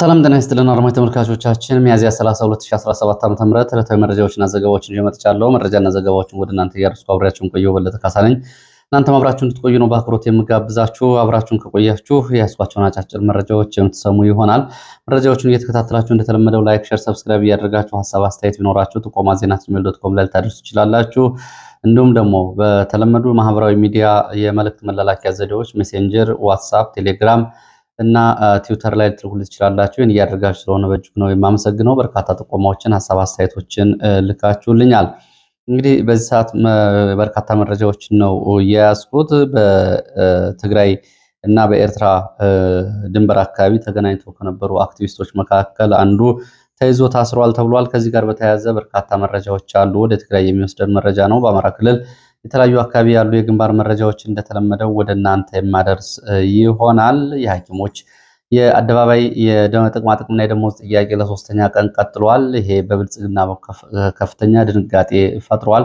ሰላም ጤና ይስጥልን አድማጭ ተመልካቾቻችን፣ ሚያዝያ 30 2017 ዓ.ም ዕለታዊ መረጃዎችና ዘገባዎችን ይዤ መጥቻለሁ። መረጃና ዘገባዎችን ወደ እናንተ እያደረስኩ አብሬያችሁን ቆየሁ። በለጠ ካሳ ነኝ። እናንተም አብራችሁ እንድትቆዩ ነው በአክብሮት የምጋብዛችሁ። አብራችሁን ከቆያችሁ የያዝኳቸውን አጫጭር መረጃዎች የምትሰሙ ይሆናል። መረጃዎቹን እየተከታተላችሁ እንደተለመደው ላይክ፣ ሼር፣ ሰብስክራይብ እያደረጋችሁ ሀሳብ አስተያየት ቢኖራችሁ ጥቆማ ዜና ጂሜል ዶት ኮም ላይ ልታደርሱ ትችላላችሁ። እንዲሁም ደግሞ በተለመዱ ማህበራዊ ሚዲያ የመልእክት መላላኪያ ዘዴዎች ሜሴንጀር፣ ዋትሳፕ፣ ቴሌግራም እና ትዊተር ላይ ልትልኩልኝ ትችላላችሁ። ይህን እያደረጋችሁ ስለሆነ በእጅጉ ነው የማመሰግነው። በርካታ ጥቆማዎችን፣ ሀሳብ አስተያየቶችን ልካችሁልኛል። እንግዲህ በዚህ ሰዓት በርካታ መረጃዎችን ነው የያዝኩት። በትግራይ እና በኤርትራ ድንበር አካባቢ ተገናኝተው ከነበሩ አክቲቪስቶች መካከል አንዱ ተይዞ ታስሯል ተብሏል። ከዚህ ጋር በተያያዘ በርካታ መረጃዎች አሉ። ወደ ትግራይ የሚወስደን መረጃ ነው። በአማራ ክልል የተለያዩ አካባቢ ያሉ የግንባር መረጃዎች እንደተለመደው ወደ እናንተ የማደርስ ይሆናል። የሐኪሞች የአደባባይ የጥቅማጥቅምና የደሞዝ ጥያቄ ለሶስተኛ ቀን ቀጥሏል። ይሄ በብልጽግና ከፍተኛ ድንጋጤ ፈጥሯል።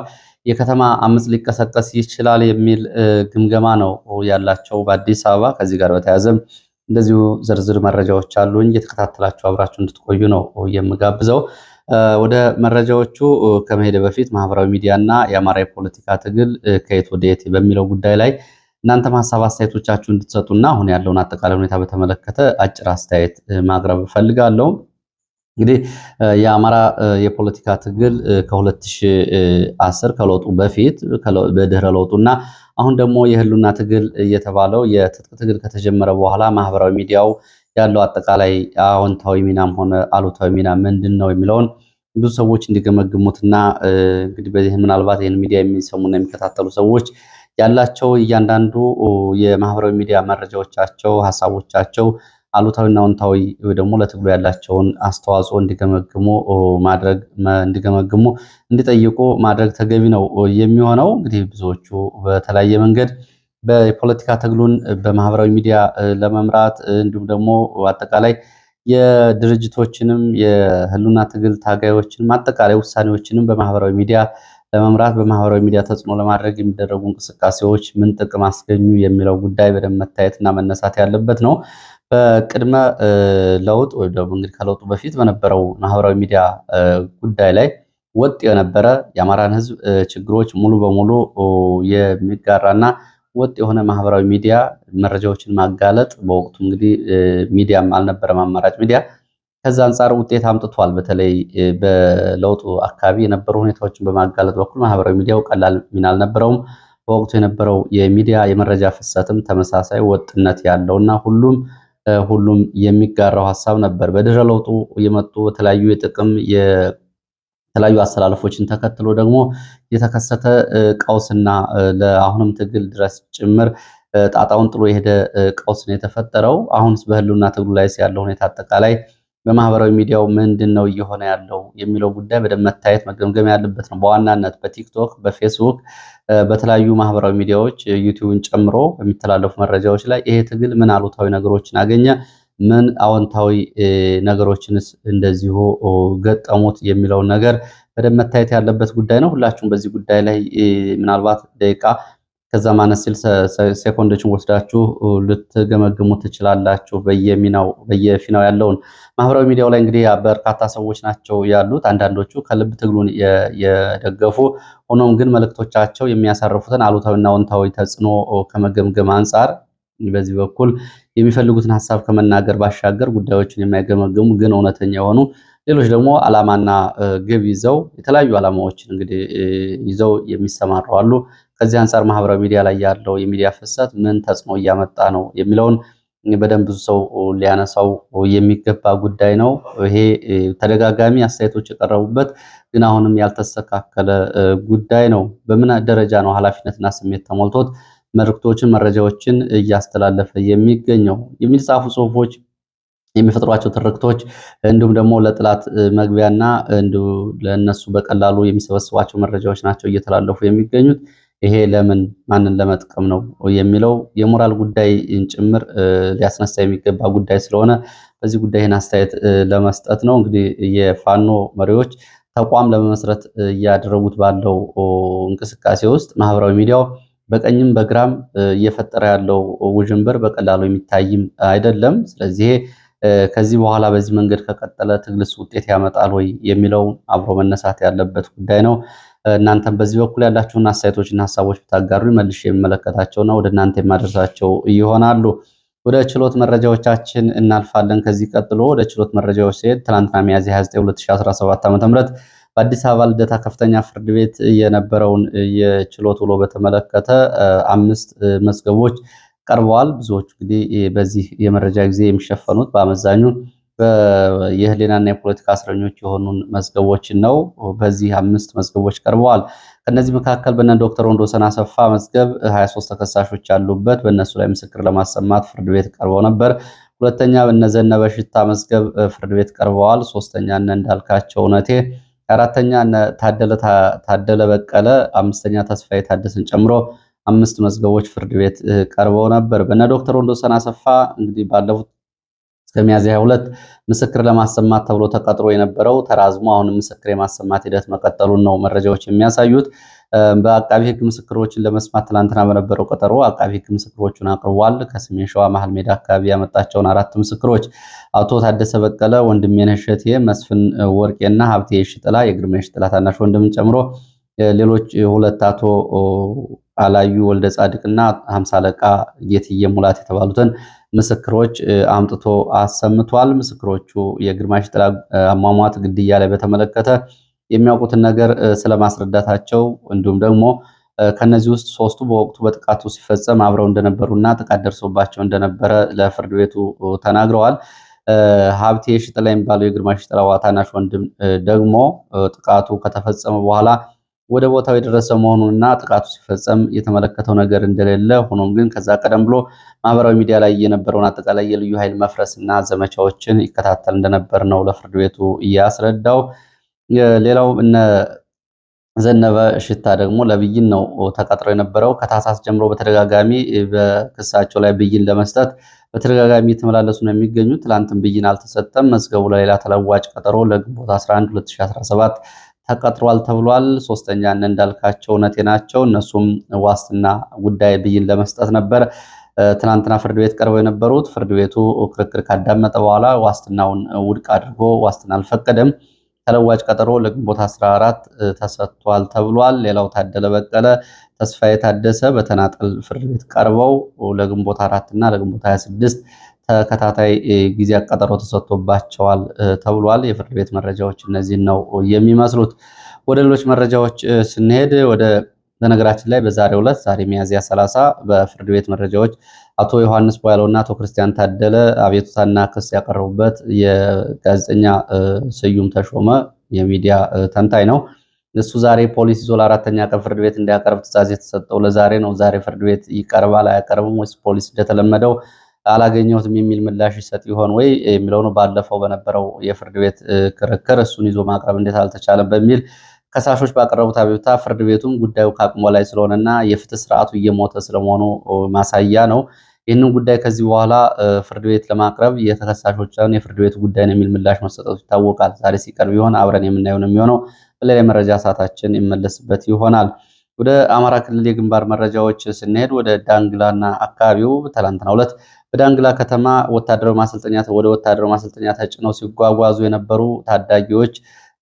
የከተማ አምፅ ሊቀሰቀስ ይችላል የሚል ግምገማ ነው ያላቸው በአዲስ አበባ። ከዚህ ጋር በተያያዘም እንደዚሁ ዝርዝር መረጃዎች አሉኝ። እየተከታተላችሁ አብራችሁ እንድትቆዩ ነው የምጋብዘው። ወደ መረጃዎቹ ከመሄድ በፊት ማህበራዊ ሚዲያ እና የአማራ የፖለቲካ ትግል ከየት ወደ የት በሚለው ጉዳይ ላይ እናንተም ሀሳብ አስተያየቶቻችሁ እንድትሰጡና አሁን ያለውን አጠቃላይ ሁኔታ በተመለከተ አጭር አስተያየት ማቅረብ እፈልጋለሁ። እንግዲህ የአማራ የፖለቲካ ትግል ከ2010 ከለውጡ በፊት በድህረ ለውጡና አሁን ደግሞ የህሉና ትግል እየተባለው የትጥቅ ትግል ከተጀመረ በኋላ ማህበራዊ ሚዲያው ያለው አጠቃላይ አዎንታዊ ሚናም ሆነ አሉታዊ ሚና ምንድን ነው የሚለውን ብዙ ሰዎች እንዲገመግሙትና እንግዲህ በዚህ ምናልባት ይህን ሚዲያ የሚሰሙና የሚከታተሉ ሰዎች ያላቸው እያንዳንዱ የማህበራዊ ሚዲያ መረጃዎቻቸው፣ ሀሳቦቻቸው አሉታዊና አዎንታዊ ደግሞ ለትግሉ ያላቸውን አስተዋጽኦ እንዲገመግሙ ማድረግ እንዲገመግሙ እንዲጠይቁ ማድረግ ተገቢ ነው የሚሆነው። እንግዲህ ብዙዎቹ በተለያየ መንገድ የፖለቲካ ትግሉን በማህበራዊ ሚዲያ ለመምራት እንዲሁም ደግሞ አጠቃላይ የድርጅቶችንም የህሉና ትግል ታጋዮችንም አጠቃላይ ውሳኔዎችንም በማህበራዊ ሚዲያ ለመምራት በማህበራዊ ሚዲያ ተጽዕኖ ለማድረግ የሚደረጉ እንቅስቃሴዎች ምን ጥቅም አስገኙ የሚለው ጉዳይ በደንብ መታየትና መነሳት ያለበት ነው። በቅድመ ለውጥ ወይም ደግሞ እንግዲህ ከለውጡ በፊት በነበረው ማህበራዊ ሚዲያ ጉዳይ ላይ ወጥ የነበረ የአማራን ህዝብ ችግሮች ሙሉ በሙሉ የሚጋራና ወጥ የሆነ ማህበራዊ ሚዲያ መረጃዎችን ማጋለጥ በወቅቱ እንግዲህ ሚዲያም አልነበረም አማራጭ ሚዲያ። ከዛ አንጻር ውጤት አምጥቷል። በተለይ በለውጡ አካባቢ የነበሩ ሁኔታዎችን በማጋለጥ በኩል ማህበራዊ ሚዲያው ቀላል ሚና አልነበረውም። በወቅቱ የነበረው የሚዲያ የመረጃ ፍሰትም ተመሳሳይ ወጥነት እና ሁሉም ሁሉም የሚጋራው ሀሳብ ነበር። በድህረ ለውጡ የመጡ የተለያዩ የጥቅም የተለያዩ አሰላለፎችን ተከትሎ ደግሞ የተከሰተ ቀውስና ለአሁንም ትግል ድረስ ጭምር ጣጣውን ጥሎ የሄደ ቀውስ ነው የተፈጠረው። አሁንስ በህልውና ትግሉ ላይ ያለው ሁኔታ አጠቃላይ በማህበራዊ ሚዲያው ምንድን ነው እየሆነ ያለው የሚለው ጉዳይ በደንብ መታየት መገምገም ያለበት ነው። በዋናነት በቲክቶክ፣ በፌስቡክ፣ በተለያዩ ማህበራዊ ሚዲያዎች ዩቲዩብን ጨምሮ በሚተላለፉ መረጃዎች ላይ ይሄ ትግል ምን አሉታዊ ነገሮችን አገኘ ምን አዎንታዊ ነገሮችንስ እንደዚሁ ገጠሙት የሚለውን ነገር በደንብ መታየት ያለበት ጉዳይ ነው። ሁላችሁም በዚህ ጉዳይ ላይ ምናልባት ደቂቃ ከዛ ማነስ ሲል ሴኮንዶችን ወስዳችሁ ልትገመግሙ ትችላላችሁ። በየሚናው በየፊናው ያለውን ማህበራዊ ሚዲያው ላይ እንግዲህ በርካታ ሰዎች ናቸው ያሉት። አንዳንዶቹ ከልብ ትግሉን የደገፉ ሆኖም ግን መልእክቶቻቸው የሚያሳርፉትን አሉታዊና አዎንታዊ ተጽዕኖ ከመገምገም አንጻር በዚህ በኩል የሚፈልጉትን ሀሳብ ከመናገር ባሻገር ጉዳዮችን የማይገመግሙ ግን እውነተኛ የሆኑ ሌሎች ደግሞ አላማና ግብ ይዘው የተለያዩ አላማዎችን እንግዲህ ይዘው የሚሰማሩ አሉ። ከዚህ አንጻር ማህበራዊ ሚዲያ ላይ ያለው የሚዲያ ፍሰት ምን ተጽዕኖ እያመጣ ነው የሚለውን በደንብ ብዙ ሰው ሊያነሳው የሚገባ ጉዳይ ነው። ይሄ ተደጋጋሚ አስተያየቶች የቀረቡበት ግን አሁንም ያልተስተካከለ ጉዳይ ነው። በምን ደረጃ ነው ኃላፊነትና ስሜት ተሞልቶት መልእክቶችን፣ መረጃዎችን እያስተላለፈ የሚገኘው የሚጻፉ ጽሁፎች የሚፈጥሯቸው ትርክቶች እንዲሁም ደግሞ ለጥላት መግቢያና ና ለእነሱ በቀላሉ የሚሰበስቧቸው መረጃዎች ናቸው እየተላለፉ የሚገኙት። ይሄ ለምን ማንን ለመጥቀም ነው የሚለው የሞራል ጉዳይ ጭምር ሊያስነሳ የሚገባ ጉዳይ ስለሆነ በዚህ ጉዳይ ይህን አስተያየት ለመስጠት ነው። እንግዲህ የፋኖ መሪዎች ተቋም ለመመስረት እያደረጉት ባለው እንቅስቃሴ ውስጥ ማህበራዊ ሚዲያው በቀኝም በግራም እየፈጠረ ያለው ውዥንብር በቀላሉ የሚታይም አይደለም። ስለዚህ ከዚህ በኋላ በዚህ መንገድ ከቀጠለ ትግልስ ውጤት ያመጣል ወይ የሚለው አብሮ መነሳት ያለበት ጉዳይ ነው። እናንተም በዚህ በኩል ያላችሁን እና ሀሳቦች ብታጋሩ መልሼ ነው ወደ እናንተ የማደርሳቸው ይሆናሉ። ወደ ችሎት መረጃዎቻችን እናልፋለን። ከዚህ ቀጥሎ ወደ ችሎት መረጃዎች ሲሄድ ትናንትና ሚያዝያ 29 2017 ዓ.ም በአዲስ አበባ ልደታ ከፍተኛ ፍርድ ቤት የነበረውን የችሎት ውሎ በተመለከተ አምስት መዝገቦች ቀርበዋል። ብዙዎቹ እንግዲህ በዚህ የመረጃ ጊዜ የሚሸፈኑት በአመዛኙ የህሊናና የፖለቲካ እስረኞች የሆኑን መዝገቦችን ነው። በዚህ አምስት መዝገቦች ቀርበዋል። ከነዚህ መካከል በነ ዶክተር ወንዶሰን አሰፋ መዝገብ 23 ተከሳሾች ያሉበት በእነሱ ላይ ምስክር ለማሰማት ፍርድ ቤት ቀርበው ነበር። ሁለተኛ በነ ዘነበ ሽታ መዝገብ ፍርድ ቤት ቀርበዋል። ሶስተኛ እነ እንዳልካቸው እውነቴ አራተኛ ታደለ በቀለ፣ አምስተኛ ተስፋ የታደሰን ጨምሮ አምስት መዝገቦች ፍርድ ቤት ቀርበው ነበር። በእነ ዶክተር ወንዶሰን አሰፋ እንግዲህ ባለፉት እስከ ሚያዝያ 22 ምስክር ለማሰማት ተብሎ ተቀጥሮ የነበረው ተራዝሞ አሁንም ምስክር የማሰማት ሂደት መቀጠሉን ነው መረጃዎች የሚያሳዩት። በአቃቢ ህግ ምስክሮችን ለመስማት ትናንትና በነበረው ቀጠሮ አቃቢ ህግ ምስክሮቹን አቅርቧል። ከሰሜን ሸዋ መሀል ሜዳ አካባቢ ያመጣቸውን አራት ምስክሮች አቶ ታደሰ በቀለ፣ ወንድሜነህ እሸቴ፣ መስፍን ወርቄና ሀብቴ ሽጥላ የግርማ ሽጥላ ታናሽ ወንድምን ጨምሮ ሌሎች ሁለት አቶ አላዩ ወልደ ጻድቅና ሀምሳ አለቃ ጌትዬ ሙላት የተባሉትን ምስክሮች አምጥቶ አሰምቷል። ምስክሮቹ የግርማ ሽጥላ አሟሟት ግድያ ላይ በተመለከተ የሚያውቁትን ነገር ስለማስረዳታቸው እንዲሁም ደግሞ ከነዚህ ውስጥ ሶስቱ በወቅቱ በጥቃቱ ሲፈጸም አብረው እንደነበሩና ጥቃት ደርሶባቸው እንደነበረ ለፍርድ ቤቱ ተናግረዋል። ሀብቴ ሽጥላ የሚባለው የግርማ ሽጥላ ዋታናሽ ወንድም ደግሞ ጥቃቱ ከተፈጸመ በኋላ ወደ ቦታው የደረሰ መሆኑንና ጥቃቱ ሲፈጸም የተመለከተው ነገር እንደሌለ ሆኖም ግን ከዛ ቀደም ብሎ ማህበራዊ ሚዲያ ላይ የነበረውን አጠቃላይ የልዩ ኃይል እና ዘመቻዎችን ይከታተል እንደነበር ነው ለፍርድ ቤቱ እያስረዳው። ሌላው እነ ዘነበ ሽታ ደግሞ ለብይን ነው ተቀጥሮ የነበረው። ከታህሳስ ጀምሮ በተደጋጋሚ በክሳቸው ላይ ብይን ለመስጠት በተደጋጋሚ የተመላለሱ ነው የሚገኙት። ትላንትም ብይን አልተሰጠም። መዝገቡ ለሌላ ተለዋጭ ቀጠሮ ለግንቦት 11 2017 ተቀጥሯል ተብሏል። ሶስተኛ እነ እንዳልካቸው እውነቴ ናቸው። እነሱም ዋስትና ጉዳይ ብይን ለመስጠት ነበር ትናንትና ፍርድ ቤት ቀርበው የነበሩት። ፍርድ ቤቱ ክርክር ካዳመጠ በኋላ ዋስትናውን ውድቅ አድርጎ ዋስትና አልፈቀደም። ተለዋጭ ቀጠሮ ለግንቦት 14 ተሰጥቷል ተብሏል። ሌላው ታደለ በቀለ፣ ተስፋዬ ታደሰ በተናጠል ፍርድ ቤት ቀርበው ለግንቦት 4 እና ለግንቦት 26 ተከታታይ ጊዜ ቀጠሮ ተሰጥቶባቸዋል ተብሏል። የፍርድ ቤት መረጃዎች እነዚህን ነው የሚመስሉት። ወደ ሌሎች መረጃዎች ስንሄድ ወደ በነገራችን ላይ በዛሬው ዕለት ዛሬ ሚያዝያ 30 በፍርድ ቤት መረጃዎች አቶ ዮሐንስ ቦያለው እና አቶ ክርስቲያን ታደለ አቤቱታና ክስ ያቀረቡበት የጋዜጠኛ ስዩም ተሾመ የሚዲያ ተንታኝ ነው። እሱ ዛሬ ፖሊስ ይዞ ለአራተኛ ቀን ፍርድ ቤት እንዲያቀርብ ትዕዛዝ የተሰጠው ለዛሬ ነው። ዛሬ ፍርድ ቤት ይቀርባል አያቀርብም ወይስ ፖሊስ እንደተለመደው አላገኘሁትም የሚል ምላሽ ይሰጥ ይሆን ወይ የሚለው ነው። ባለፈው በነበረው የፍርድ ቤት ክርክር እሱን ይዞ ማቅረብ እንዴት አልተቻለም በሚል ከሳሾች ባቀረቡት አቤቱታ ፍርድ ቤቱም ጉዳዩ ከአቅሙ ላይ ስለሆነና የፍትህ ስርዓቱ እየሞተ ስለመሆኑ ማሳያ ነው። ይህንን ጉዳይ ከዚህ በኋላ ፍርድ ቤት ለማቅረብ የተከሳሾችን የፍርድ ቤቱ ጉዳይ የሚል ምላሽ መሰጠቱ ይታወቃል። ዛሬ ሲቀርብ ይሆን አብረን የምናየው ነው የሚሆነው። በሌላ መረጃ ሰዓታችን ይመለስበት ይሆናል። ወደ አማራ ክልል የግንባር መረጃዎች ስንሄድ ወደ ዳንግላና አካባቢው ትላንትናው ሁለት በዳንግላ ከተማ ወታደራዊ ማሰልጠኛ ወደ ወታደራዊ ማሰልጠኛ ተጭነው ሲጓጓዙ የነበሩ ታዳጊዎች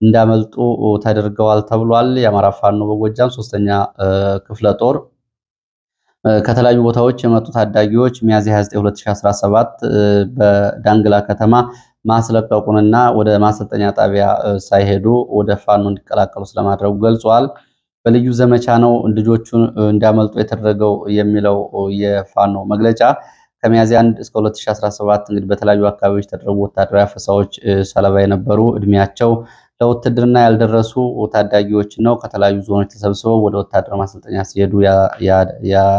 እንዳመልጡ ተደርገዋል ተብሏል። የአማራ ፋኖ በጎጃም ሶስተኛ ክፍለ ጦር ከተለያዩ ቦታዎች የመጡ ታዳጊዎች ሚያዝያ 29 2017 በዳንግላ ከተማ ማስለቀቁንና ወደ ማሰልጠኛ ጣቢያ ሳይሄዱ ወደ ፋኖ እንዲቀላቀሉ ስለማድረጉ ገልጿል። በልዩ ዘመቻ ነው ልጆቹን እንዳመልጡ የተደረገው የሚለው የፋኖ መግለጫ ከሚያዚያ 1 እስከ 2017 እንግዲህ በተለያዩ አካባቢዎች የተደረጉ ወታደራዊ አፈሳዎች ሰለባ የነበሩ እድሜያቸው ለውትድርና ያልደረሱ ታዳጊዎች ነው ከተለያዩ ዞኖች ተሰብስበው ወደ ወታደር ማሰልጠኛ ሲሄዱ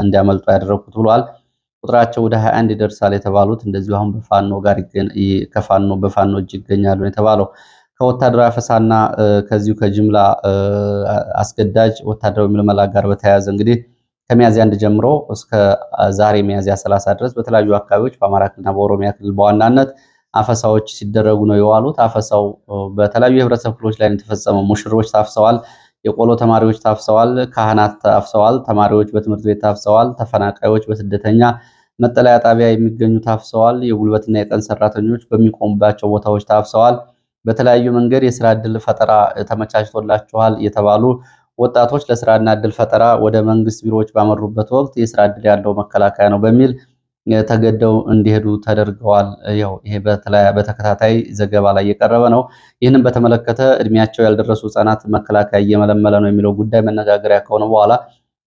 እንዲያመልጡ ያደረግኩት ብሏል። ቁጥራቸው ወደ 21 ይደርሳል የተባሉት እንደዚሁ አሁን በፋኖ ጋር ከፋኖ በፋኖ እጅ ይገኛሉ የተባለው ከወታደራዊ አፈሳና ከዚሁ ከጅምላ አስገዳጅ ወታደራዊ ምልመላ ጋር በተያያዘ እንግዲህ ከሚያዝያ አንድ ጀምሮ እስከ ዛሬ ሚያዝያ 30 ድረስ በተለያዩ አካባቢዎች በአማራ ክልልና በኦሮሚያ ክልል በዋናነት አፈሳዎች ሲደረጉ ነው የዋሉት። አፈሳው በተለያዩ የህብረተሰብ ክፍሎች ላይ የተፈጸመው። ሙሽሮች ታፍሰዋል፣ የቆሎ ተማሪዎች ታፍሰዋል፣ ካህናት ታፍሰዋል፣ ተማሪዎች በትምህርት ቤት ታፍሰዋል፣ ተፈናቃዮች በስደተኛ መጠለያ ጣቢያ የሚገኙ ታፍሰዋል፣ የጉልበትና የቀን ሰራተኞች በሚቆሙባቸው ቦታዎች ታፍሰዋል። በተለያዩ መንገድ የስራ እድል ፈጠራ ተመቻችቶላችኋል የተባሉ ወጣቶች ለስራና እድል ፈጠራ ወደ መንግስት ቢሮዎች ባመሩበት ወቅት የስራ እድል ያለው መከላከያ ነው በሚል ተገደው እንዲሄዱ ተደርገዋል። ያው ይሄ በተከታታይ ዘገባ ላይ የቀረበ ነው። ይህንን በተመለከተ እድሜያቸው ያልደረሱ ህጻናት መከላከያ እየመለመለ ነው የሚለው ጉዳይ መነጋገሪያ ከሆነ በኋላ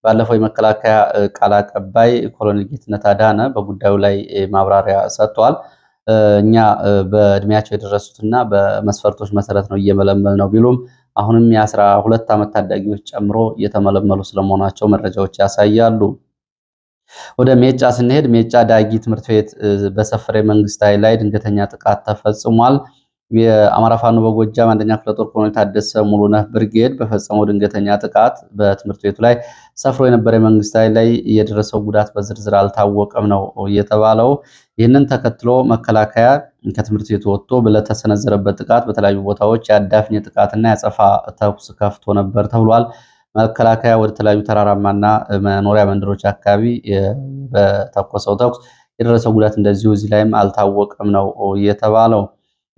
ባለፈው የመከላከያ ቃል አቀባይ ኮሎኔል ጌትነት አዳነ በጉዳዩ ላይ ማብራሪያ ሰጥተዋል። እኛ በእድሜያቸው የደረሱትና በመስፈርቶች መሰረት ነው እየመለመል ነው ቢሉም አሁንም የአስራ ሁለት ዓመት ታዳጊዎች ጨምሮ እየተመለመሉ ስለመሆናቸው መረጃዎች ያሳያሉ። ወደ ሜጫ ስንሄድ ሜጫ ዳጊ ትምህርት ቤት በሰፈረ መንግስት ኃይል ላይ ድንገተኛ ጥቃት ተፈጽሟል። የአማራ ፋኖ በጎጃም አንደኛ ክፍለ ጦር ኮሎኔል ታደሰ ሙሉነህ ብርጌድ በፈጸመው ድንገተኛ ጥቃት በትምህርት ቤቱ ላይ ሰፍሮ የነበረ መንግስት ኃይል ላይ የደረሰው ጉዳት በዝርዝር አልታወቀም ነው የተባለው። ይህንን ተከትሎ መከላከያ ከትምህርት ቤቱ ወጥቶ ለተሰነዘረበት ጥቃት በተለያዩ ቦታዎች የአዳፍኔ ጥቃትና የአጸፋ ተኩስ ከፍቶ ነበር ተብሏል። መከላከያ ወደ ተለያዩ ተራራማና መኖሪያ መንደሮች አካባቢ በተኮሰው ተኩስ የደረሰው ጉዳት እንደዚሁ እዚህ ላይም አልታወቀም ነው የተባለው።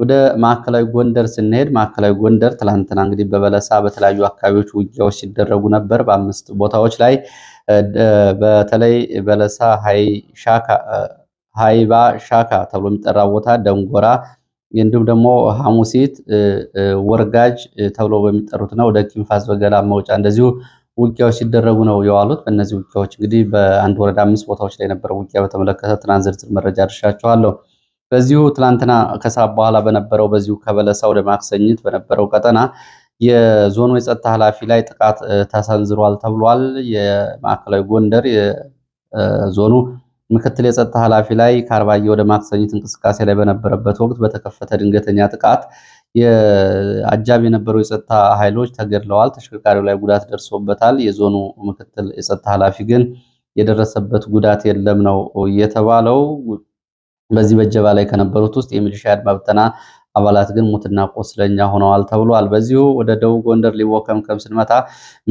ወደ ማዕከላዊ ጎንደር ስንሄድ ማዕከላዊ ጎንደር ትላንትና እንግዲህ በበለሳ በተለያዩ አካባቢዎች ውጊያዎች ሲደረጉ ነበር። በአምስት ቦታዎች ላይ በተለይ በለሳ ሃይባ ሻካ ተብሎ የሚጠራ ቦታ ደንጎራ እንዲሁም ደግሞ ሐሙሲት ወርጋጅ ተብሎ ነው ወደ ኪንፋስ በገላ መውጫ እንደዚሁ ውጊያዎች ሲደረጉ ነው የዋሉት። በእነዚህ ውጊያዎች እንግዲህ በአንድ ወረዳ አምስት ቦታዎች ላይ የነበረ ውጊያ በተመለከተ ትናንት ዝርዝር መረጃ አድርሻችኋለሁ። በዚሁ ትናንትና ከሰዓት በኋላ በነበረው በዚሁ ከበለሳ ወደ ማክሰኝት በነበረው ቀጠና የዞኑ የጸጥታ ኃላፊ ላይ ጥቃት ተሰንዝሯል ተብሏል። የማዕከላዊ ጎንደር የዞኑ ምክትል የጸጥታ ኃላፊ ላይ ከአርባዬ ወደ ማክሰኝት እንቅስቃሴ ላይ በነበረበት ወቅት በተከፈተ ድንገተኛ ጥቃት የአጃብ የነበሩ የጸጥታ ኃይሎች ተገድለዋል። ተሽከርካሪው ላይ ጉዳት ደርሶበታል። የዞኑ ምክትል የጸጥታ ኃላፊ ግን የደረሰበት ጉዳት የለም ነው የተባለው። በዚህ በጀባ ላይ ከነበሩት ውስጥ የሚሊሻ አድማ ብተና አባላት ግን ሙትና ቆስለኛ ሆነዋል ተብሏል። በዚሁ ወደ ደቡብ ጎንደር ሊወከምከም ስንመታ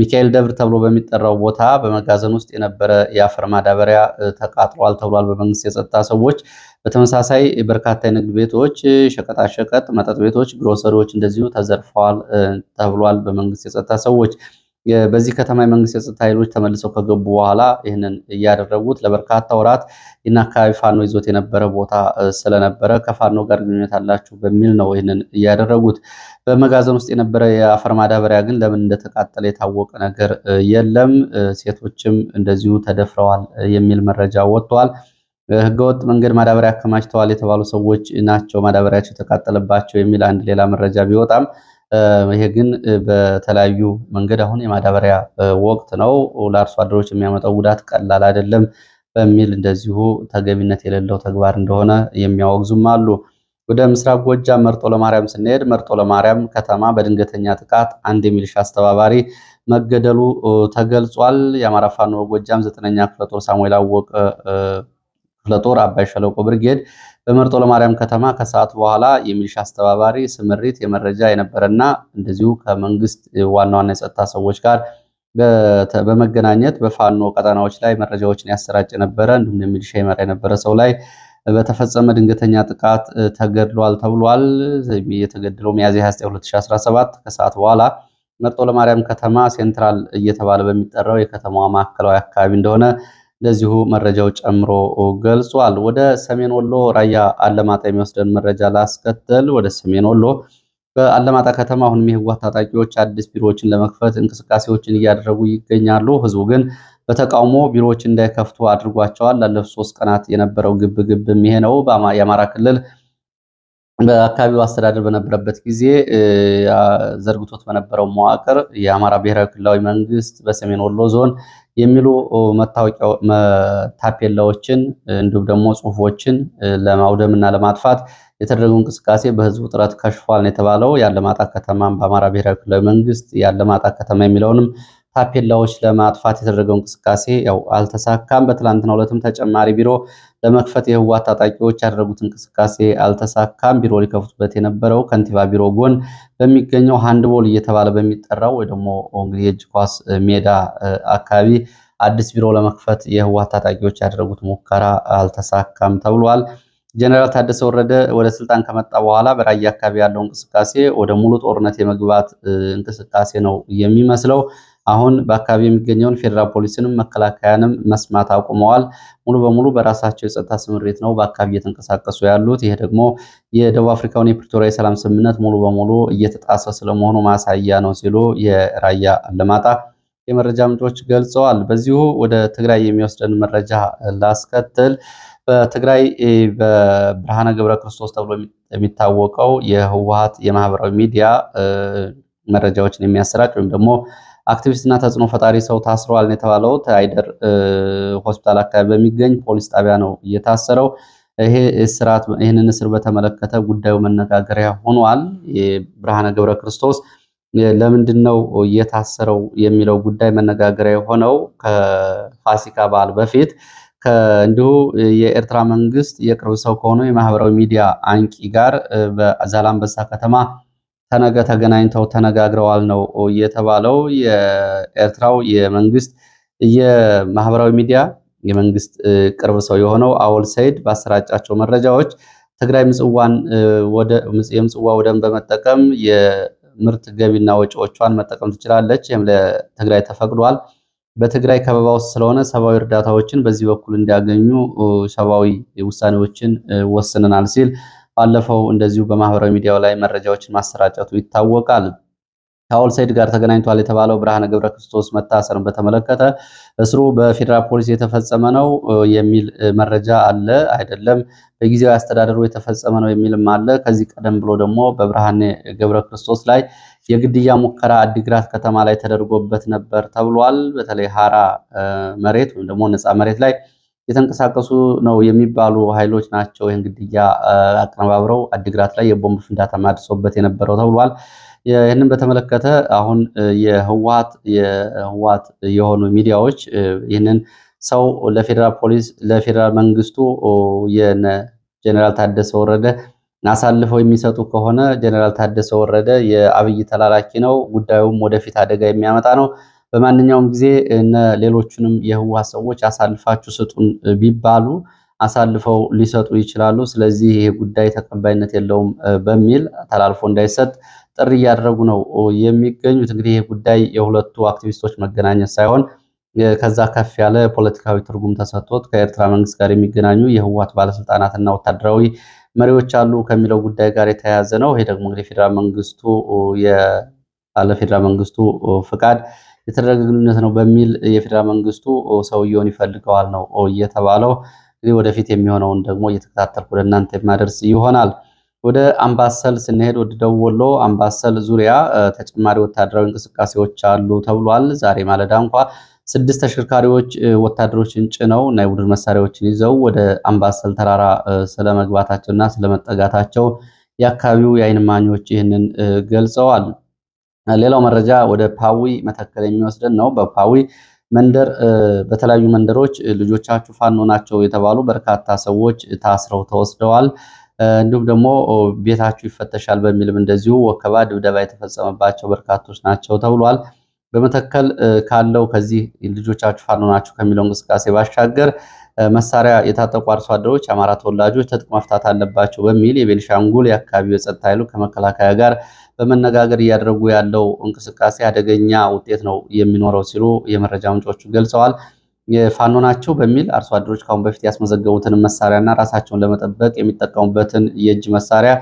ሚካኤል ደብር ተብሎ በሚጠራው ቦታ በመጋዘን ውስጥ የነበረ የአፈር ማዳበሪያ ተቃጥሏል ተብሏል በመንግስት የጸጥታ ሰዎች። በተመሳሳይ በርካታ የንግድ ቤቶች፣ ሸቀጣሸቀጥ፣ መጠጥ ቤቶች፣ ግሮሰሪዎች እንደዚሁ ተዘርፈዋል ተብሏል በመንግስት የጸጥታ ሰዎች። በዚህ ከተማ የመንግስት የጸጥታ ኃይሎች ተመልሰው ከገቡ በኋላ ይህንን እያደረጉት ለበርካታ ወራት ይህን አካባቢ ፋኖ ይዞት የነበረ ቦታ ስለነበረ ከፋኖ ጋር ግንኙነት አላችሁ በሚል ነው ይህንን እያደረጉት። በመጋዘን ውስጥ የነበረ የአፈር ማዳበሪያ ግን ለምን እንደተቃጠለ የታወቀ ነገር የለም። ሴቶችም እንደዚሁ ተደፍረዋል የሚል መረጃ ወጥቷል። ህገወጥ መንገድ ማዳበሪያ አከማችተዋል የተባሉ ሰዎች ናቸው ማዳበሪያቸው የተቃጠለባቸው የሚል አንድ ሌላ መረጃ ቢወጣም ይሄ ግን በተለያዩ መንገድ አሁን የማዳበሪያ ወቅት ነው፣ ለአርሶ አደሮች የሚያመጣው ጉዳት ቀላል አይደለም በሚል እንደዚሁ ተገቢነት የሌለው ተግባር እንደሆነ የሚያወግዙም አሉ። ወደ ምስራቅ ጎጃም መርጦ ለማርያም ስንሄድ መርጦ ለማርያም ከተማ በድንገተኛ ጥቃት አንድ የሚሊሻ አስተባባሪ መገደሉ ተገልጿል። የአማራ ፋኖ ጎጃም ዘጠነኛ ክፍለ ጦር ሳሙኤል አወቀ ክፍለ ጦር አባይ ሸለቆ ብርጌድ በመርጦ ለማርያም ከተማ ከሰዓት በኋላ የሚሊሻ አስተባባሪ ስምሪት የመረጃ የነበረና እንደዚሁ ከመንግስት ዋና ዋና የጸጥታ ሰዎች ጋር በመገናኘት በፋኖ ቀጠናዎች ላይ መረጃዎችን ያሰራጭ የነበረ እንዲሁም የሚሊሻ ይመራ የነበረ ሰው ላይ በተፈጸመ ድንገተኛ ጥቃት ተገድሏል ተብሏል። የተገደለው ሚያዝያ 29 2017 ከሰዓት በኋላ መርጦ ለማርያም ከተማ ሴንትራል እየተባለ በሚጠራው የከተማዋ ማዕከላዊ አካባቢ እንደሆነ እንደዚሁ መረጃው ጨምሮ ገልጿል። ወደ ሰሜን ወሎ ራያ አለማጣ የሚወስደን መረጃ ላስከተል። ወደ ሰሜን ወሎ በአለማጣ ከተማ አሁንም የህወሓት ታጣቂዎች አዲስ ቢሮዎችን ለመክፈት እንቅስቃሴዎችን እያደረጉ ይገኛሉ። ህዝቡ ግን በተቃውሞ ቢሮዎች እንዳይከፍቱ አድርጓቸዋል። ላለፉት ሶስት ቀናት የነበረው ግብ ይሄ ነው። የአማራ ክልል በአካባቢው አስተዳደር በነበረበት ጊዜ ዘርግቶት በነበረው መዋቅር የአማራ ብሔራዊ ክልላዊ መንግስት በሰሜን ወሎ ዞን የሚሉ ታፔላዎችን እንዲሁም ደግሞ ጽሁፎችን ለማውደምና ለማጥፋት የተደረገው እንቅስቃሴ በህዝቡ ጥረት ከሽፏል ነው የተባለው። የአለማጣ ከተማ በአማራ ብሔራዊ ክልላዊ መንግስት የአለማጣ ከተማ የሚለውንም ታፔላዎች ለማጥፋት የተደረገው እንቅስቃሴ ያው አልተሳካም። በትላንትናው ዕለትም ተጨማሪ ቢሮ ለመክፈት የህዋት ታጣቂዎች ያደረጉት እንቅስቃሴ አልተሳካም። ቢሮ ሊከፍቱበት የነበረው ከንቲባ ቢሮ ጎን በሚገኘው ሃንድቦል እየተባለ በሚጠራው ወይ ደግሞ እንግዲህ የእጅ ኳስ ሜዳ አካባቢ አዲስ ቢሮ ለመክፈት የህዋት ታጣቂዎች ያደረጉት ሙከራ አልተሳካም ተብሏል። ጀነራል ታደሰ ወረደ ወደ ስልጣን ከመጣ በኋላ በራያ አካባቢ ያለው እንቅስቃሴ ወደ ሙሉ ጦርነት የመግባት እንቅስቃሴ ነው የሚመስለው። አሁን በአካባቢ የሚገኘውን ፌዴራል ፖሊስንም መከላከያንም መስማት አቁመዋል። ሙሉ በሙሉ በራሳቸው የጸጥታ ስምሪት ነው በአካባቢ እየተንቀሳቀሱ ያሉት። ይሄ ደግሞ የደቡብ አፍሪካውን የፕሪቶሪያ የሰላም ስምምነት ሙሉ በሙሉ እየተጣሰ ስለመሆኑ ማሳያ ነው ሲሉ የራያ አላማጣ የመረጃ ምንጮች ገልጸዋል። በዚሁ ወደ ትግራይ የሚወስደን መረጃ ላስከትል። በትግራይ በብርሃነ ገብረ ክርስቶስ ተብሎ የሚታወቀው የህወሀት የማህበራዊ ሚዲያ መረጃዎችን የሚያሰራጭ ወይም ደግሞ አክቲቪስትና ተጽዕኖ ፈጣሪ ሰው ታስረዋል የተባለው። አይደር ሆስፒታል አካባቢ በሚገኝ ፖሊስ ጣቢያ ነው እየታሰረው። ይሄ ይህንን እስር በተመለከተ ጉዳዩ መነጋገሪያ ሆኗል። ብርሃነ ገብረ ክርስቶስ ለምንድን ነው እየታሰረው የሚለው ጉዳይ መነጋገሪያ የሆነው ከፋሲካ በዓል በፊት እንዲሁ የኤርትራ መንግስት የቅርብ ሰው ከሆነው የማህበራዊ ሚዲያ አንቂ ጋር በዛላምበሳ ከተማ ተነገ ተገናኝተው ተነጋግረዋል ነው የተባለው። የኤርትራው የመንግስት የማህበራዊ ሚዲያ የመንግስት ቅርብ ሰው የሆነው አወል ሰይድ ባሰራጫቸው መረጃዎች ትግራይ ምጽዋን የምጽዋ ወደብን በመጠቀም የምርት ገቢና ወጪዎቿን መጠቀም ትችላለች። ይህም ለትግራይ ተፈቅዷል። በትግራይ ከበባ ውስጥ ስለሆነ ሰብአዊ እርዳታዎችን በዚህ በኩል እንዲያገኙ ሰብአዊ ውሳኔዎችን ወስነናል ሲል ባለፈው እንደዚሁ በማህበራዊ ሚዲያው ላይ መረጃዎችን ማሰራጨቱ ይታወቃል። ከአውል ሰይድ ጋር ተገናኝቷል የተባለው ብርሃነ ገብረ ክርስቶስ መታሰርን በተመለከተ እስሩ በፌዴራል ፖሊስ የተፈጸመ ነው የሚል መረጃ አለ። አይደለም በጊዜያዊ አስተዳደሩ የተፈጸመ ነው የሚልም አለ። ከዚህ ቀደም ብሎ ደግሞ በብርሃነ ገብረ ክርስቶስ ላይ የግድያ ሙከራ አዲግራት ከተማ ላይ ተደርጎበት ነበር ተብሏል። በተለይ ሀራ መሬት ወይም ደግሞ ነፃ መሬት ላይ የተንቀሳቀሱ ነው የሚባሉ ኃይሎች ናቸው ይህን ግድያ አቀነባብረው አዲግራት ላይ የቦምብ ፍንዳታ ማድረሶበት የነበረው ተብሏል። ይህንን በተመለከተ አሁን የህወሓት የሆኑ ሚዲያዎች ይህንን ሰው ለፌዴራል ፖሊስ ለፌዴራል መንግስቱ ጀኔራል ታደሰ ወረደ አሳልፈው የሚሰጡ ከሆነ ጀኔራል ታደሰ ወረደ የአብይ ተላላኪ ነው፣ ጉዳዩም ወደፊት አደጋ የሚያመጣ ነው በማንኛውም ጊዜ እነ ሌሎቹንም የህዋ ሰዎች አሳልፋችሁ ስጡን ቢባሉ አሳልፈው ሊሰጡ ይችላሉ። ስለዚህ ይሄ ጉዳይ ተቀባይነት የለውም በሚል ተላልፎ እንዳይሰጥ ጥሪ እያደረጉ ነው የሚገኙት። እንግዲህ ይሄ ጉዳይ የሁለቱ አክቲቪስቶች መገናኘት ሳይሆን ከዛ ከፍ ያለ ፖለቲካዊ ትርጉም ተሰጥቶት ከኤርትራ መንግስት ጋር የሚገናኙ የህዋት ባለስልጣናትና ወታደራዊ መሪዎች አሉ ከሚለው ጉዳይ ጋር የተያያዘ ነው። ይሄ ደግሞ እንግዲህ ፌዴራል መንግስቱ ያለ ፌዴራል መንግስቱ ፍቃድ የተደረገ ግንኙነት ነው በሚል የፌዴራል መንግስቱ ሰውየውን ይፈልገዋል ነው እየተባለው። እንግዲህ ወደፊት የሚሆነውን ደግሞ እየተከታተልኩ ወደ እናንተ የማደርስ ይሆናል። ወደ አምባሰል ስንሄድ ወደ ደቡብ ወሎ አምባሰል ዙሪያ ተጨማሪ ወታደራዊ እንቅስቃሴዎች አሉ ተብሏል። ዛሬ ማለዳ እንኳ ስድስት ተሽከርካሪዎች ወታደሮችን ጭነው እና የቡድን መሳሪያዎችን ይዘው ወደ አምባሰል ተራራ ስለመግባታቸው እና ስለመጠጋታቸው የአካባቢው የአይን ማኞች ይህንን ገልጸዋል። ሌላው መረጃ ወደ ፓዊ መተከል የሚወስደን ነው። በፓዊ መንደር በተለያዩ መንደሮች ልጆቻችሁ ፋኖ ናቸው የተባሉ በርካታ ሰዎች ታስረው ተወስደዋል። እንዲሁም ደግሞ ቤታችሁ ይፈተሻል በሚልም እንደዚሁ ወከባ፣ ድብደባ የተፈጸመባቸው በርካቶች ናቸው ተብሏል። በመተከል ካለው ከዚህ ልጆቻችሁ ፋኖ ናቸው ከሚለው እንቅስቃሴ ባሻገር መሳሪያ የታጠቁ አርሶ አደሮች አማራ ተወላጆች ትጥቅ መፍታት አለባቸው በሚል የቤኒሻንጉል የአካባቢው የጸጥታ ኃይሉ ከመከላከያ ጋር በመነጋገር እያደረጉ ያለው እንቅስቃሴ አደገኛ ውጤት ነው የሚኖረው ሲሉ የመረጃ ምንጮቹ ገልጸዋል። የፋኖ ናቸው በሚል አርሶ አደሮች ከአሁን በፊት ያስመዘገቡትን መሳሪያና ራሳቸውን ለመጠበቅ የሚጠቀሙበትን የእጅ መሳሪያ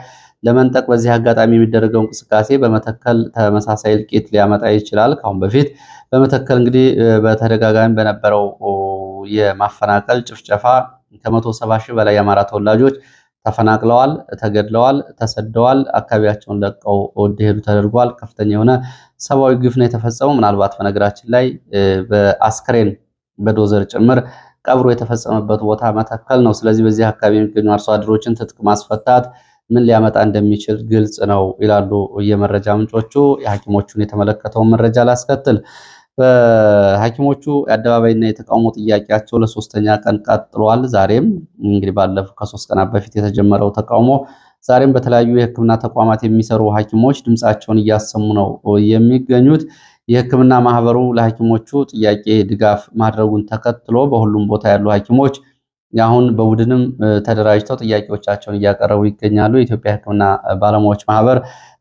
ለመንጠቅ በዚህ አጋጣሚ የሚደረገው እንቅስቃሴ በመተከል ተመሳሳይ እልቂት ሊያመጣ ይችላል። ከአሁን በፊት በመተከል እንግዲህ በተደጋጋሚ በነበረው የማፈናቀል ጭፍጨፋ ከመቶ ሰባ ሺህ በላይ የአማራ ተወላጆች ተፈናቅለዋል፣ ተገድለዋል፣ ተሰደዋል፣ አካባቢያቸውን ለቀው እንዲሄዱ ተደርጓል። ከፍተኛ የሆነ ሰብአዊ ግፍ ነው የተፈጸመው። ምናልባት በነገራችን ላይ በአስክሬን በዶዘር ጭምር ቀብሮ የተፈጸመበት ቦታ መተከል ነው። ስለዚህ በዚህ አካባቢ የሚገኙ አርሶ አደሮችን ትጥቅ ማስፈታት ምን ሊያመጣ እንደሚችል ግልጽ ነው ይላሉ የመረጃ ምንጮቹ። የሐኪሞቹን የተመለከተውን መረጃ ላስከትል። ሐኪሞቹ የአደባባይና የተቃውሞ ጥያቄያቸው ለሶስተኛ ቀን ቀጥሏል። ዛሬም እንግዲህ ባለፉ ከሶስት ቀናት በፊት የተጀመረው ተቃውሞ ዛሬም በተለያዩ የሕክምና ተቋማት የሚሰሩ ሐኪሞች ድምፃቸውን እያሰሙ ነው የሚገኙት። የሕክምና ማህበሩ ለሐኪሞቹ ጥያቄ ድጋፍ ማድረጉን ተከትሎ በሁሉም ቦታ ያሉ ሐኪሞች አሁን በቡድንም ተደራጅተው ጥያቄዎቻቸውን እያቀረቡ ይገኛሉ። የኢትዮጵያ ሕክምና ባለሙያዎች ማህበር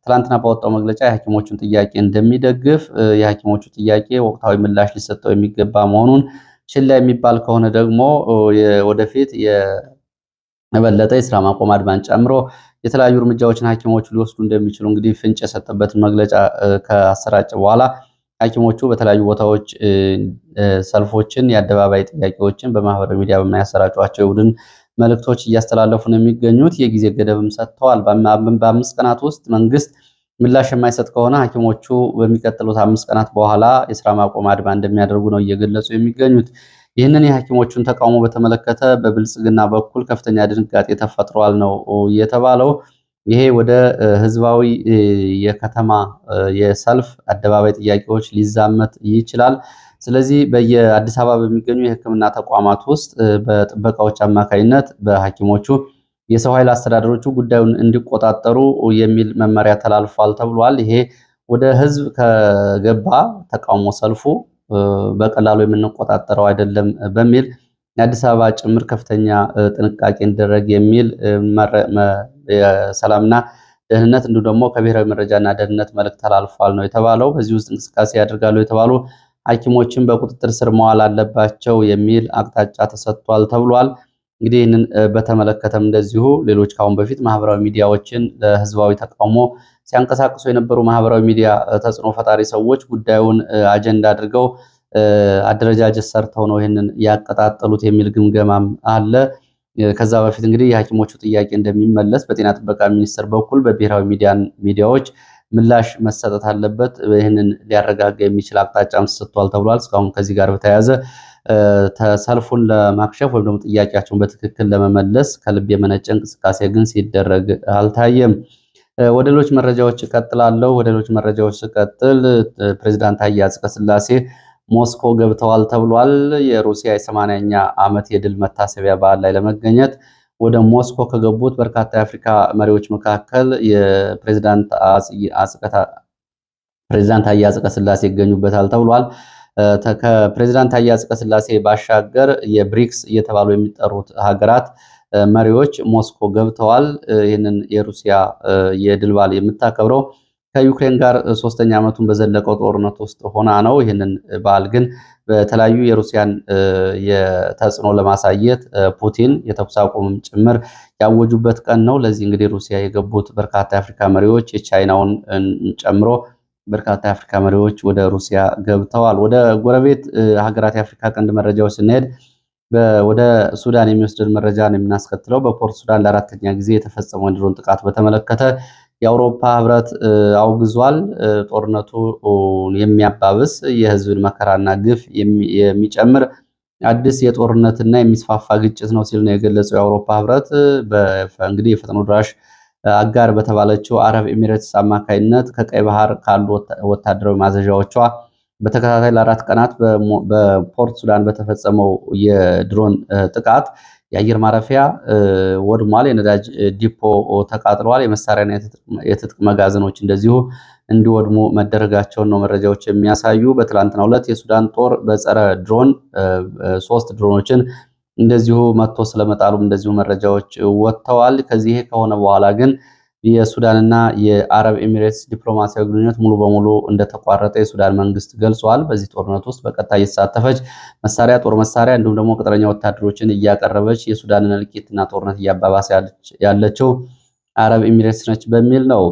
ትላንትና ባወጣው መግለጫ የሐኪሞቹን ጥያቄ እንደሚደግፍ የሐኪሞቹ ጥያቄ ወቅታዊ ምላሽ ሊሰጠው የሚገባ መሆኑን ችላ የሚባል ከሆነ ደግሞ ወደፊት የበለጠ የስራ ማቆም አድማን ጨምሮ የተለያዩ እርምጃዎችን ሐኪሞቹ ሊወስዱ እንደሚችሉ እንግዲህ ፍንጭ የሰጠበትን መግለጫ ከአሰራጭ በኋላ ሐኪሞቹ በተለያዩ ቦታዎች ሰልፎችን፣ የአደባባይ ጥያቄዎችን በማህበራዊ ሚዲያ በሚያሰራጯቸው ቡድን መልእክቶች እያስተላለፉ ነው የሚገኙት። የጊዜ ገደብም ሰጥተዋል። በአምስት ቀናት ውስጥ መንግስት ምላሽ የማይሰጥ ከሆነ ሐኪሞቹ በሚቀጥሉት አምስት ቀናት በኋላ የስራ ማቆም አድማ እንደሚያደርጉ ነው እየገለጹ የሚገኙት። ይህንን የሐኪሞቹን ተቃውሞ በተመለከተ በብልጽግና በኩል ከፍተኛ ድንጋጤ ተፈጥሯል ነው የተባለው። ይሄ ወደ ህዝባዊ የከተማ የሰልፍ አደባባይ ጥያቄዎች ሊዛመት ይችላል። ስለዚህ በየአዲስ አበባ በሚገኙ የህክምና ተቋማት ውስጥ በጥበቃዎች አማካኝነት በሐኪሞቹ የሰው ኃይል አስተዳደሮቹ ጉዳዩን እንዲቆጣጠሩ የሚል መመሪያ ተላልፏል ተብሏል። ይሄ ወደ ህዝብ ከገባ ተቃውሞ ሰልፉ በቀላሉ የምንቆጣጠረው አይደለም በሚል የአዲስ አበባ ጭምር ከፍተኛ ጥንቃቄ እንዲደረግ የሚል የሰላምና ደህንነት እንዲሁ ደግሞ ከብሔራዊ መረጃና ደህንነት መልእክት ተላልፏል ነው የተባለው። በዚህ ውስጥ እንቅስቃሴ ያደርጋሉ የተባሉ ሐኪሞችን በቁጥጥር ስር መዋል አለባቸው የሚል አቅጣጫ ተሰጥቷል ተብሏል። እንግዲህ ይህንን በተመለከተም እንደዚሁ ሌሎች ከአሁን በፊት ማህበራዊ ሚዲያዎችን ለህዝባዊ ተቃውሞ ሲያንቀሳቅሱ የነበሩ ማህበራዊ ሚዲያ ተጽዕኖ ፈጣሪ ሰዎች ጉዳዩን አጀንዳ አድርገው አደረጃጀት ሰርተው ነው ይህንን ያቀጣጠሉት የሚል ግምገማም አለ። ከዛ በፊት እንግዲህ የሐኪሞቹ ጥያቄ እንደሚመለስ በጤና ጥበቃ ሚኒስቴር በኩል በብሔራዊ ሚዲያን ሚዲያዎች ምላሽ መሰጠት አለበት። ይህንን ሊያረጋጋ የሚችል አቅጣጫም ሰጥቷል ተብሏል። እስካሁን ከዚህ ጋር በተያያዘ ተሰልፉን ለማክሸፍ ወይም ደግሞ ጥያቄያቸውን በትክክል ለመመለስ ከልብ የመነጨ እንቅስቃሴ ግን ሲደረግ አልታየም። ወደ ሌሎች መረጃዎች እቀጥላለሁ። ወደ ሌሎች መረጃዎች ስቀጥል ፕሬዚዳንት ታዬ አጽቀሥላሴ ሞስኮ ገብተዋል ተብሏል። የሩሲያ የሰማንያኛ ዓመት የድል መታሰቢያ በዓል ላይ ለመገኘት ወደ ሞስኮ ከገቡት በርካታ የአፍሪካ መሪዎች መካከል የፕሬዚዳንት አየ አጽቀ ሥላሴ ይገኙበታል ተብሏል። ከፕሬዚዳንት አየ አጽቀ ሥላሴ ባሻገር የብሪክስ እየተባሉ የሚጠሩት ሀገራት መሪዎች ሞስኮ ገብተዋል። ይህንን የሩሲያ የድል በዓል የምታከብረው ከዩክሬን ጋር ሶስተኛ ዓመቱን በዘለቀው ጦርነት ውስጥ ሆና ነው። ይህንን በዓል ግን በተለያዩ የሩሲያን የተጽዕኖ ለማሳየት ፑቲን የተኩስ አቁምም ጭምር ያወጁበት ቀን ነው። ለዚህ እንግዲህ ሩሲያ የገቡት በርካታ የአፍሪካ መሪዎች የቻይናውን ጨምሮ በርካታ የአፍሪካ መሪዎች ወደ ሩሲያ ገብተዋል። ወደ ጎረቤት ሀገራት የአፍሪካ ቀንድ መረጃዎች ስንሄድ ወደ ሱዳን የሚወስድን መረጃ ነው የምናስከትለው። በፖርት ሱዳን ለአራተኛ ጊዜ የተፈጸመው ድሮን ጥቃት በተመለከተ የአውሮፓ ህብረት አውግዟል። ጦርነቱ የሚያባብስ የህዝብን መከራና ግፍ የሚጨምር አዲስ የጦርነትና የሚስፋፋ ግጭት ነው ሲል ነው የገለጸው። የአውሮፓ ህብረት እንግዲህ የፈጥኖ ድራሽ አጋር በተባለችው አረብ ኤሚሬትስ አማካይነት ከቀይ ባህር ካሉ ወታደራዊ ማዘዣዎቿ በተከታታይ ለአራት ቀናት በፖርት ሱዳን በተፈጸመው የድሮን ጥቃት የአየር ማረፊያ ወድሟል፣ የነዳጅ ዲፖ ተቃጥለዋል፣ የመሳሪያና የትጥቅ መጋዘኖች እንደዚሁ እንዲወድሙ መደረጋቸውን ነው መረጃዎች የሚያሳዩ። በትላንትናው ዕለት የሱዳን ጦር በጸረ ድሮን ሶስት ድሮኖችን እንደዚሁ መጥቶ ስለመጣሉም እንደዚሁ መረጃዎች ወጥተዋል። ከዚህ ከሆነ በኋላ ግን የሱዳንና የአረብ ኤሚሬትስ ዲፕሎማሲያዊ ግንኙነት ሙሉ በሙሉ እንደተቋረጠ የሱዳን መንግስት ገልጿል። በዚህ ጦርነት ውስጥ በቀጥታ እየተሳተፈች መሳሪያ፣ ጦር መሳሪያ እንዲሁም ደግሞ ቅጥረኛ ወታደሮችን እያቀረበች የሱዳንን እና ጦርነት እያባባሰ ያለችው አረብ ኤሚሬትስ ነች በሚል ነው።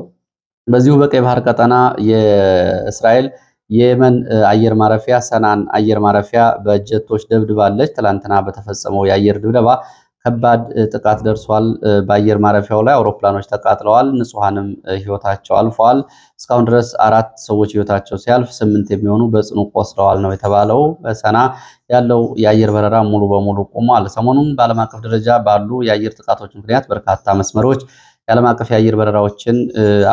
በዚሁ በቀይ ባህር ቀጠና የእስራኤል የየመን አየር ማረፊያ ሰናን አየር ማረፊያ በጀቶች ደብድባለች። ትላንትና በተፈጸመው የአየር ድብደባ ከባድ ጥቃት ደርሷል። በአየር ማረፊያው ላይ አውሮፕላኖች ተቃጥለዋል። ንጹሐንም ህይወታቸው አልፏል። እስካሁን ድረስ አራት ሰዎች ህይወታቸው ሲያልፍ ስምንት የሚሆኑ በጽኑ ቆስለዋል ነው የተባለው። ሰና ያለው የአየር በረራ ሙሉ በሙሉ ቆሟል። ሰሞኑም በዓለም አቀፍ ደረጃ ባሉ የአየር ጥቃቶች ምክንያት በርካታ መስመሮች የዓለም አቀፍ የአየር በረራዎችን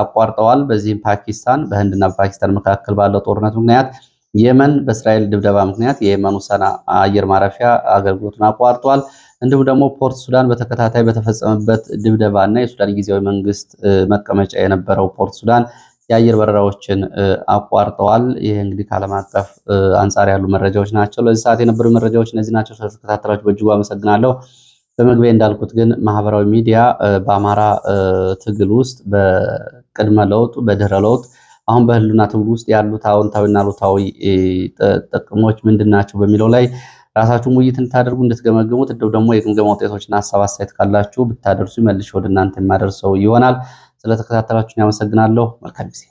አቋርጠዋል። በዚህም ፓኪስታን በህንድና በፓኪስታን መካከል ባለው ጦርነት ምክንያት የመን በእስራኤል ድብደባ ምክንያት የየመኑ ሰና አየር ማረፊያ አገልግሎቱን አቋርጧል። እንዲሁም ደግሞ ፖርት ሱዳን በተከታታይ በተፈጸመበት ድብደባ እና የሱዳን ጊዜያዊ መንግስት መቀመጫ የነበረው ፖርት ሱዳን የአየር በረራዎችን አቋርጠዋል። ይህ እንግዲህ ከዓለም አቀፍ አንጻር ያሉ መረጃዎች ናቸው። ለዚህ ሰዓት የነበሩ መረጃዎች እነዚህ ናቸው። ስለተከታተላችሁ በእጅጉ አመሰግናለሁ። በመግቢያ እንዳልኩት ግን ማህበራዊ ሚዲያ በአማራ ትግል ውስጥ በቅድመ ለውጥ፣ በድህረ ለውጥ፣ አሁን በህልውና ትግል ውስጥ ያሉት አዎንታዊና አሉታዊ ጥቅሞች ምንድን ናቸው በሚለው ላይ ራሳችሁም ውይይት እንድታደርጉ እንድትገመግሙት፣ እንደው ደግሞ የግምገማ ውጤቶችን ሀሳብ አስተያየት ካላችሁ ብታደርሱ መልሼ ወደ እናንተ የማደርሰው ይሆናል። ስለተከታተላችሁን ያመሰግናለሁ። መልካም ጊዜ